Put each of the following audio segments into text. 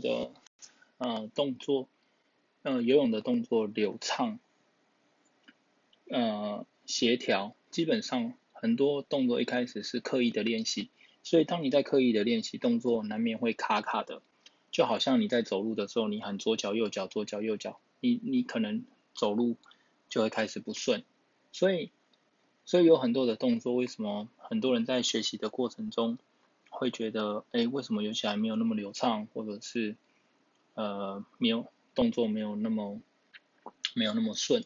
的呃動作，呃游泳的動作流暢，呃協調，基本上很多動作一開始是刻意的練習，所以當你在刻意的練習動作，難免會卡卡的，就好像你在走路的時候，你很左腳右腳左腳右腳，你你可能走路就會開始不順，所以所以有很多的動作，為什麼很多人在學習的過程中，會覺得，哎，為什麼游起來沒有那麼流暢，或者是，呃，沒有動作沒有那麼，沒有那麼順。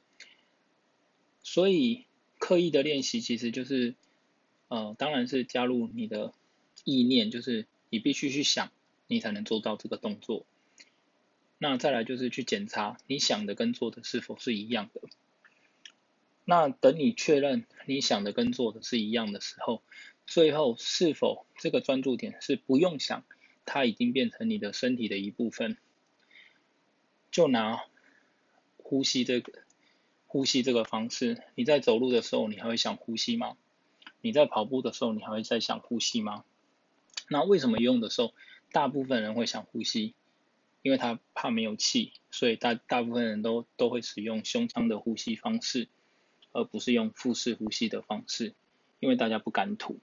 所以刻意的練習其實就是，呃，當然是加入你的意念，就是你必須去想，你才能做到這個動作。那再來就是去檢查你想的跟做的是否是一樣的。那等你確認你想的跟做的是一樣的時候，最後，是否這個專注點是不用想，它已經變成你的身體的一部分？就拿呼吸這個，呼吸這個方式，你在走路的時候，你還會想呼吸嗎？你在跑步的時候，你還會再想呼吸嗎？那為什麼用的時候，大部分人會想呼吸？因為他怕沒有氣，所以大大部分人都都會使用胸腔的呼吸方式，而不是用腹式呼吸的方式，因為大家不敢吐。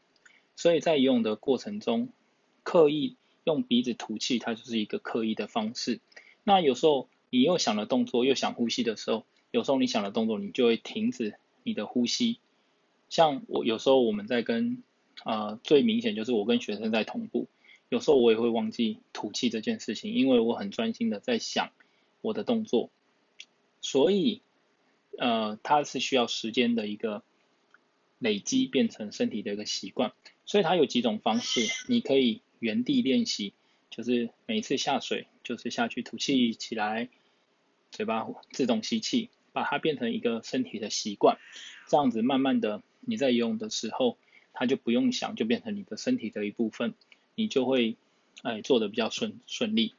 所以在游泳的過程中，刻意用鼻子吐氣，它就是一個刻意的方式。那有時候你又想了動作，又想呼吸的時候，有時候你想了動作，你就會停止你的呼吸。像我有時候我們在跟啊、呃、最明顯就是我跟學生在同步，有時候我也會忘記吐氣這件事情，因為我很專心的在想我的動作。所以呃它是需要時間的一個。累積變成身體的一個習慣，所以它有幾種方式，你可以原地練習，就是每次下水就是下去吐氣起來，嘴巴自動吸氣，把它變成一個身體的習慣，這樣子慢慢的你在游泳的時候，它就不用想，就變成你的身體的一部分，你就會哎做得比較順順利。